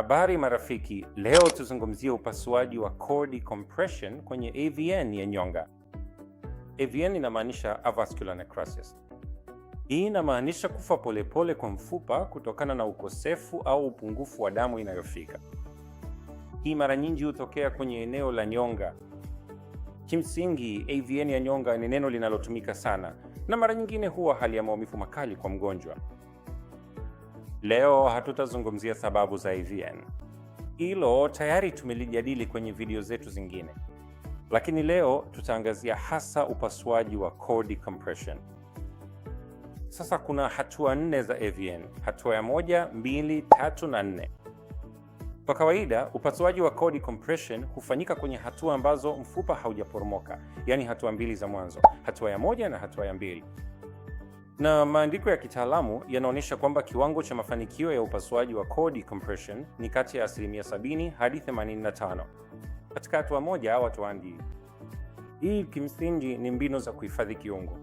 Habari marafiki, leo tuzungumzie upasuaji wa cord decompression kwenye AVN ya nyonga. AVN inamaanisha avascular necrosis. Hii inamaanisha kufa polepole kwa mfupa kutokana na ukosefu au upungufu wa damu inayofika. Hii mara nyingi hutokea kwenye eneo la nyonga. Kimsingi, AVN ya nyonga ni neno linalotumika sana na mara nyingine huwa hali ya maumivu makali kwa mgonjwa. Leo hatutazungumzia sababu za IVN. E Hilo tayari tumelijadili kwenye video zetu zingine, lakini leo tutaangazia hasa upasuaji wa core decompression. Sasa kuna hatua nne za IVN: e hatua ya moja, mbili, tatu na nne. Kwa kawaida upasuaji wa core decompression hufanyika kwenye hatua ambazo mfupa haujaporomoka, yaani hatua mbili za mwanzo, hatua ya moja na hatua ya mbili na maandiko ya kitaalamu yanaonyesha kwamba kiwango cha mafanikio ya upasuaji wa core decompression ni kati ya asilimia 70 hadi 85 katika hatua moja au hatua mbili. Hii kimsingi ni mbinu za kuhifadhi kiungo.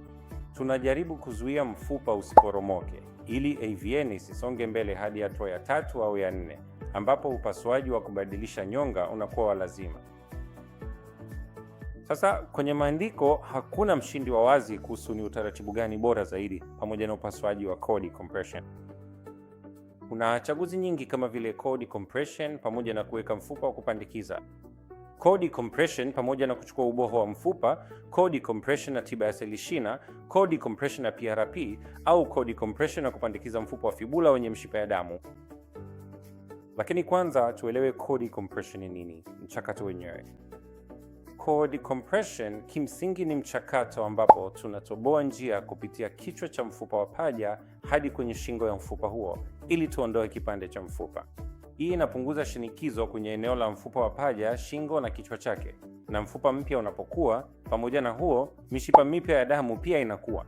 Tunajaribu kuzuia mfupa usiporomoke ili AVN isisonge mbele hadi hatua ya tatu au ya nne, ambapo upasuaji wa kubadilisha nyonga unakuwa wa lazima. Sasa kwenye maandiko hakuna mshindi wa wazi kuhusu ni utaratibu gani bora zaidi, pamoja na upasuaji wa code compression. Kuna chaguzi nyingi kama vile compression pamoja na kuweka mfupa wa kupandikiza, compression pamoja na kuchukua uboho wa mfupa, code compression na tiba ya seli shina, code compression na PRP au code compression na kupandikiza mfupa wa fibula wenye mshipa ya damu. Lakini kwanza tuelewe compression ni nini, mchakato wenyewe cord compression kimsingi ni mchakato ambapo tunatoboa njia kupitia kichwa cha mfupa wa paja hadi kwenye shingo ya mfupa huo ili tuondoe kipande cha mfupa. Hii inapunguza shinikizo kwenye eneo la mfupa wa paja, shingo na kichwa chake. Na mfupa mpya unapokuwa, pamoja na huo, mishipa mipya ya damu pia inakuwa.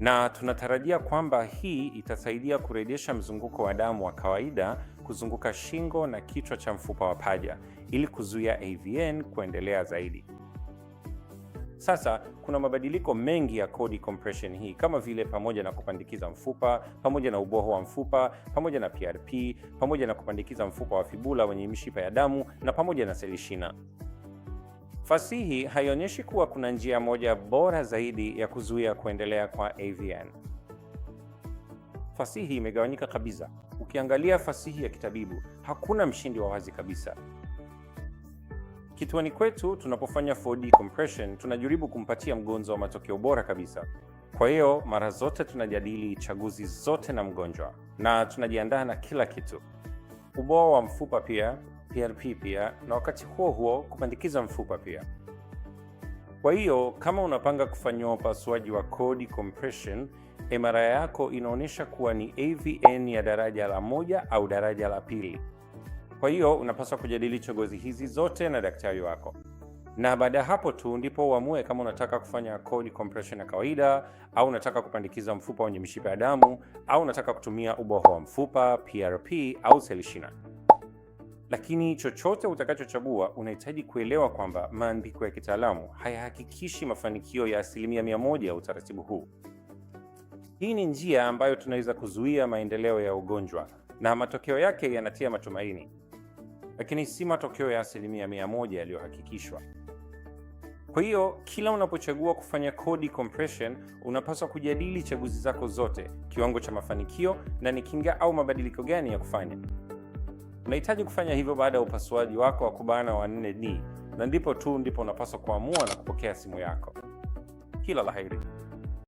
Na tunatarajia kwamba hii itasaidia kurejesha mzunguko wa damu wa kawaida kuzunguka shingo na kichwa cha mfupa wa paja ili kuzuia AVN kuendelea zaidi. Sasa kuna mabadiliko mengi ya kodi compression hii, kama vile pamoja na kupandikiza mfupa, pamoja na uboho wa mfupa, pamoja na PRP, pamoja na kupandikiza mfupa wa fibula wenye mishipa ya damu na pamoja na seli shina. Fasihi haionyeshi kuwa kuna njia moja bora zaidi ya kuzuia kuendelea kwa AVN fasihi imegawanyika kabisa. Ukiangalia fasihi ya kitabibu hakuna mshindi wa wazi kabisa. Kituani kwetu tunapofanya 4D compression tunajaribu kumpatia mgonjwa matokeo bora kabisa. Kwa hiyo mara zote tunajadili chaguzi zote na mgonjwa na tunajiandaa na kila kitu, uboa wa mfupa pia, PRP pia, na wakati huo huo kupandikiza mfupa pia. Kwa hiyo kama unapanga kufanyiwa upasuaji wa cord compression MRI yako inaonyesha kuwa ni AVN ya daraja la moja au daraja la pili. Kwa hiyo unapaswa kujadili chogozi hizi zote na daktari wako, na baada ya hapo tu ndipo uamue kama unataka kufanya cord compression ya kawaida au unataka kupandikiza mfupa wenye mishipa ya damu au unataka kutumia uboho wa mfupa PRP au selishina. Lakini chochote utakachochagua, unahitaji kuelewa kwamba maandiko ya kitaalamu hayahakikishi mafanikio ya asilimia mia moja ya utaratibu huu. Hii ni njia ambayo tunaweza kuzuia maendeleo ya ugonjwa na matokeo yake yanatia matumaini, lakini si matokeo ya asilimia mia moja yaliyohakikishwa. Kwa hiyo kila unapochagua kufanya kodi compression, unapaswa kujadili chaguzi zako zote, kiwango cha mafanikio na ni kinga au mabadiliko gani ya kufanya. Unahitaji kufanya hivyo baada ya upasuaji wako wa kubana wa 4D, na ndipo tu ndipo unapaswa kuamua na kupokea simu yako. Kila la heri.